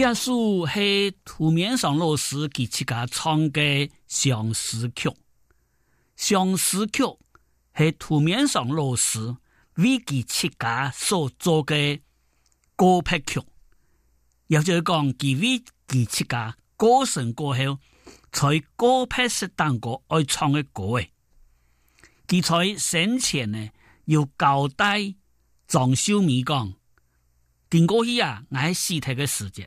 耶穌是涂敏恆老師給自家唱嘅相思曲，相思曲係涂敏恆老師為給自家所作嘅告別曲。也就講，佢為給自家歌聲過後，在的告別式當過愛唱嘅歌誒。佢在生前呢，有交代張秀美講，經過去啊，挨屍體嘅時節。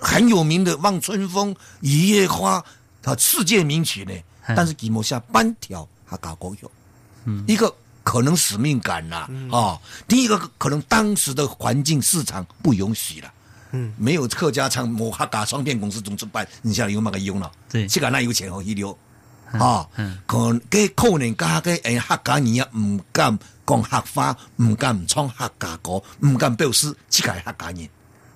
很有名的《望春風》《雨夜花》和、啊、世界名曲呢，嗯、但是吉摩下半條客家歌有，嗯、一個可能使命感啦，啊、嗯哦，第一個可能當時的環境市場不允許了，嗯，沒有客家唱，冇客家唱片公司總出版，你想有嘛對個用啦？對，這個那有錢好遺留，啊，可給扣人加給客家人唔敢講客話，唔敢唱客家歌，唔敢表示這個客家人，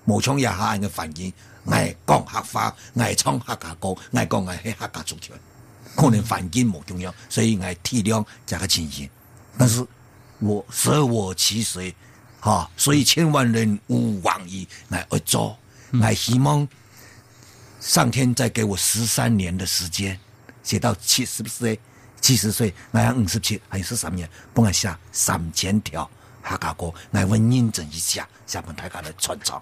冇唱也客人的反應。愛講客話，愛唱客家歌，愛講愛係客家主權，可能環境冇重要，所以愛體諒這個情形。但是我捨我其誰，哈、啊！所以千萬人吾往矣，來而做，乃、嗯、希望上天再給我十三年的時間，寫到七，十不是？七十歲，那樣五十七，還有十三年，幫我寫三千條客家歌，來溫印證一下，讓大家來傳唱。